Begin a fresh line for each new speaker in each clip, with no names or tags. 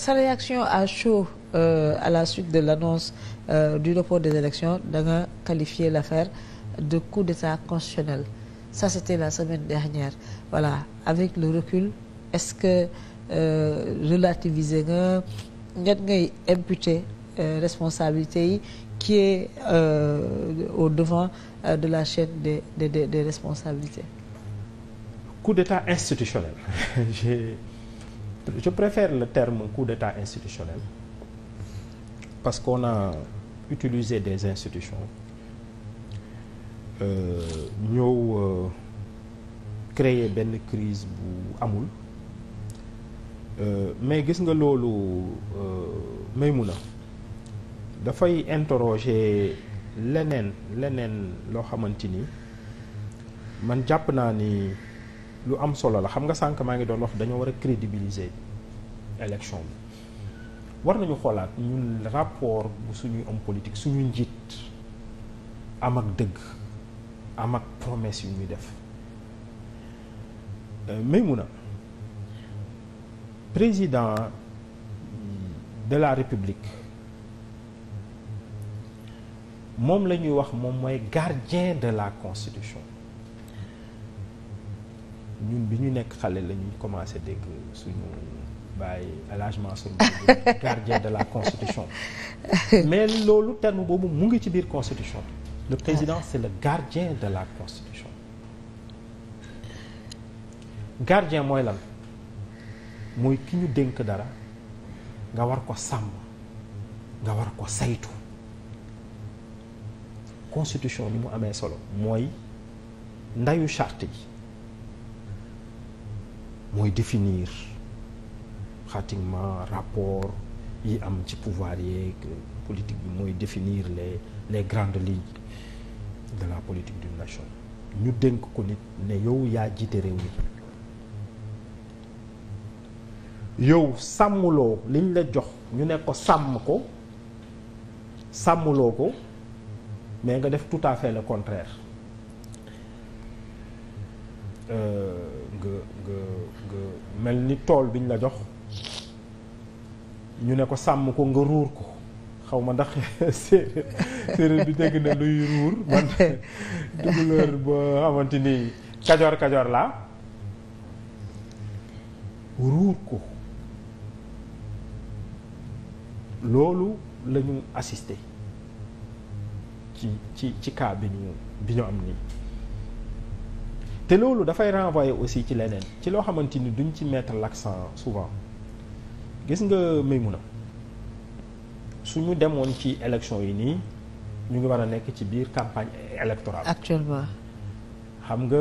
sa réaction à chaud euh, à la suite de l'annonce euh, du report des élections da nga qualifier l'affaire de coup d'état constitutionnel ça c'était la semaine dernière voilà avec le recul est-ce que euh, relativiser nga ñet ngay imputer euh, responsabilité yi qui est euh, au devant euh, de la chaîne des des des responsabilités coup d'état institutionnel je préfère le terme coup d'état institutionnel parce qu'on a utilisé des institutions euh, ñëw euh, créer benn crise bu amul euh, mais gis nga loolu euh, Maïmouna dafay interroger leneen leneen loo xamante ni man jàpp naa ni lu am solo la xam nga sànq maa ngi doon wax dañoo war a crédibiliser élection bi war nañu xoolaat ñun rapport bu suñuy homme politique suñuy njiit am ak dëgg am ak promesse yu ñuy def euh, may mun a président de la république moom la ñuy wax moom mooy gardien de la constitution ñun bi ñu nekk xale lañuy ñuy commencé dégg suñu bàyyi allègement suñu gardien de la constitution mais loolu terme boobu mu ngi ci biir constitution le président c'est le gardien de la constitution gardien mooy lan mooy ki ñu dénk dara nga war ko sàmm nga war ko saytu constitution ni mu amee solo mooy ndayu charte yi mooy définir pratiquement rapport yi am ci pouvoir yeeg politique bi mooy définir les les grandes lignes de la politique d'une nation ñu dénk ko nit ne yow yaa jiite réew mi yow sàmmloo liñ la jox ñu nekk ko sàmm ko sàmmuloo ko mais nga def tout à fait le contraire euh, nga nga mel ni tool biñ la jox ñu ne ko sàmm ko nga ruur ko xaw ma ndax séeréer bi dégg na luy ruur man dugaleur ba xamante ni kajoor kajoor laa ruur ko loolu lañu ñu ci ci ci cas bi ñu bi ñu am nii te loolu dafay renvoyer aussi ci leneen ci loo xamante ni duñ ci mettre l'accent souvent gis nga su suñu demoon ci élection yi nii ñu ngi war a nekk ci biir campagne électorale. actuellement. xam nga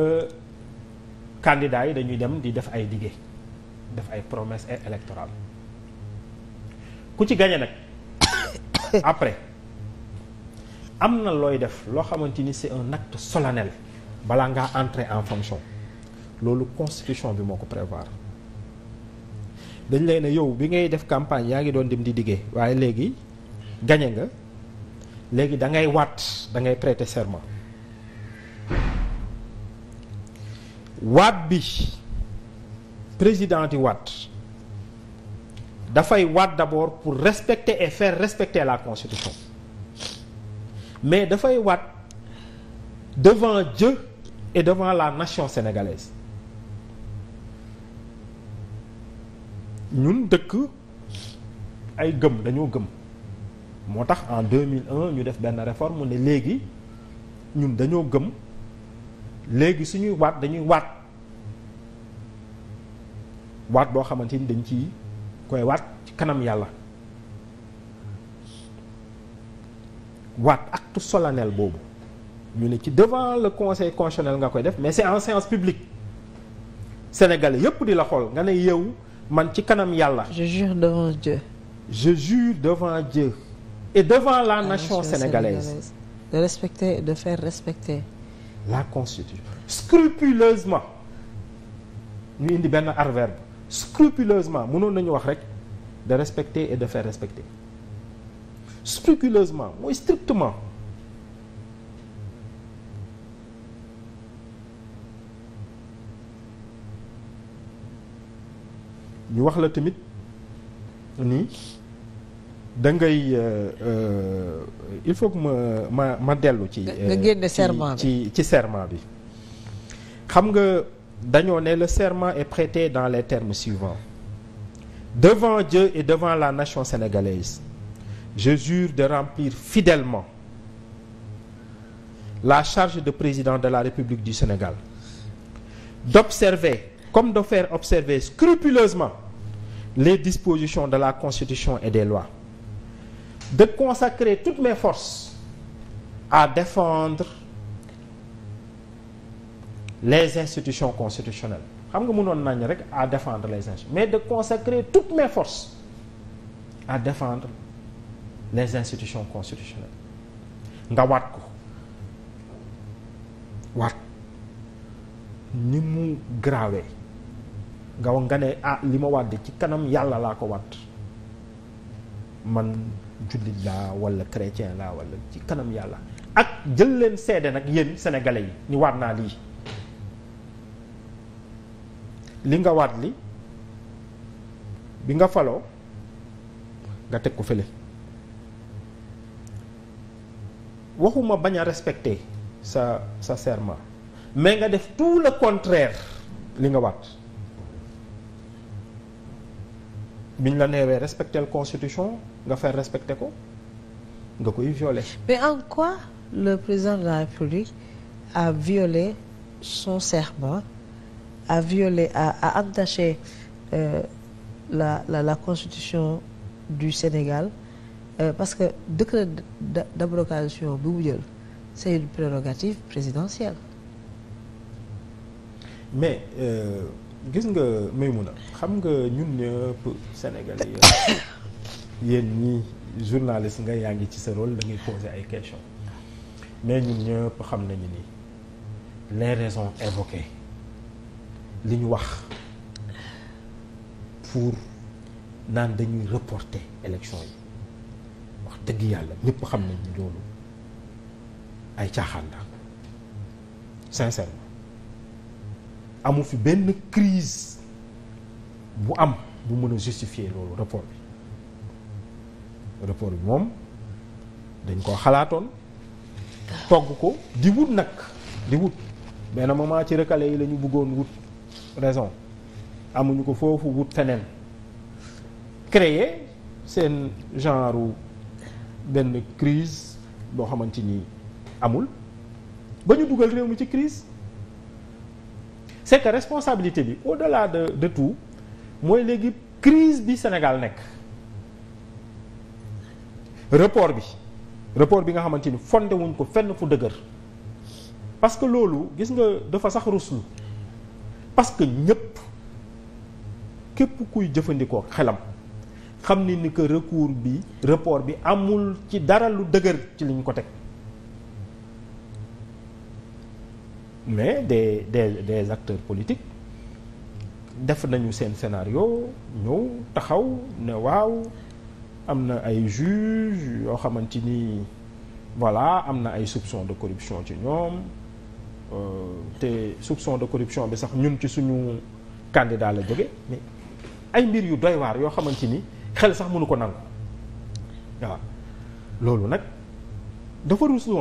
candidats yi dañuy dem di def ay dige def ay promesses électorales ku ci gagné nag après am na looy def loo xamante ni c'est un acte solennel. balaa ngaa entrer en fonction loolu constitution bi moo ko prévoir dañ lay ne yow bi ngay def campagne yaa ngi doon dem di diggee waaye léegi gañe nga léegi da ngay waat da ngay prêter serment waat bi président di waat dafay waat d'abord pour respecter et faire respecter la constitution mais dafay waat devant Dieu et devant la nation sénégalaise ñun dëkk ay gëm dañoo gëm moo tax en 2001 ñu def benn réforme ne léegi ñun dañoo gëm léegi suñuy waat dañuy waat waat boo xamante ni dañ ci koy waat ci kanam yàlla waat ak acte solennel boobu ñu ne ci devant le conseil constitutionnel nga koy def mais c'est en séance publique sénégalais yëpp di la xool nga ne yow man ci kanam yàlla. je jure devant Dieu. je jure devant Dieu. et devant la, nation, nation sénégalaise, de respecter et de faire respecter. la constitution scrupuleusement ñu indi benn adverbe scrupuleusement munoon nañu wax rek de respecter et de faire respecter scrupuleusement mooy strictement. wax la tamit ni da ngay euh, euh, il faut que ma ma ma dellu ci nga génne euh, serment bi ci ci bi xam nga dañoo ne le serment est prêté dans les termes suivants devant Dieu et devant la nation sénégalaise je jure de remplir fidèlement la charge de président de la République du Sénégal d'observer comme de faire scrupuleusement les dispositions de la Constitution et des lois, de consacrer toutes mes forces à défendre les institutions constitutionnelles xam nga mënoon nañ rek à défendre les institutions mais de consacrer toutes mes forces à défendre les institutions constitutionnelles nga waat ko waat ni mu grawee nga nga ne ah li ma wàdd ci kanam yàlla laa ko wàdd man jullit laa wala chrétien laa wala ci kanam yàlla ak jël leen seede nag yéen sénégalais yi ni waat naa lii li nga waat li bi nga faloo nga teg ko fële waxuma bañ a respecter sa sa serment mais nga def tout le contraire li nga waat biñ la neewee respecter constitution nga faire respecter ko nga koy violer. mais en quoi le président de la République a violé son serment a violé a a entaché euh, la la la constitution du Sénégal euh, parce que décret d'abrogation bi mu jël c'est une prérogative présidentielle. mais. Euh... gis nga Maimouna xam nga ñun ñëpp sénégalais yéen ñii journaliste nga yaa ngi ci sa rôle da ngay poser ay questions mais ñun ñëpp xam nañu ni les raisons évoquées li ñu wax pour naan dañuy reporter élection yi wax dëgg yàlla ñépp xam nañu loolu ay caaxaan la amul fi benn crise bu am bu mën a justifier loolu rapport bi rapport bi moom dañ koo xalaatoon togg ko di wut nag di wut benn moment ci recalé yi lañu ñu bëggoon wut raison amuñu ko foofu wut feneen créer seen genre benn crise boo xamante ni amul ba ñu dugal réew mi ci crise c'est que responsabilité bi au-delà de de tout mooy léegi crise bi Sénégal nekk report bi report bi nga xamante ni fondé wuñ ko fenn fu dëgër parce que loolu gis nga dafa sax ruslu parce que ñëpp képp kuy jëfandikoo xelam xam ni ni que recours bi report bi amul ci dara lu dëgër ci liñ ko teg mais des des des acteurs politiques def nañu seen scénario ñëw taxaw ne waaw am na ay juges yoo xamante ni voilà am na ay soupçons de corruption ci ñoom euh, te soupçon de corruption bi sax ñun ci suñu candidat la jóge mais ay mbir yu doy waar yoo xamante ni xel sax mënu ko nangu waaw loolu nag dafa ruuslu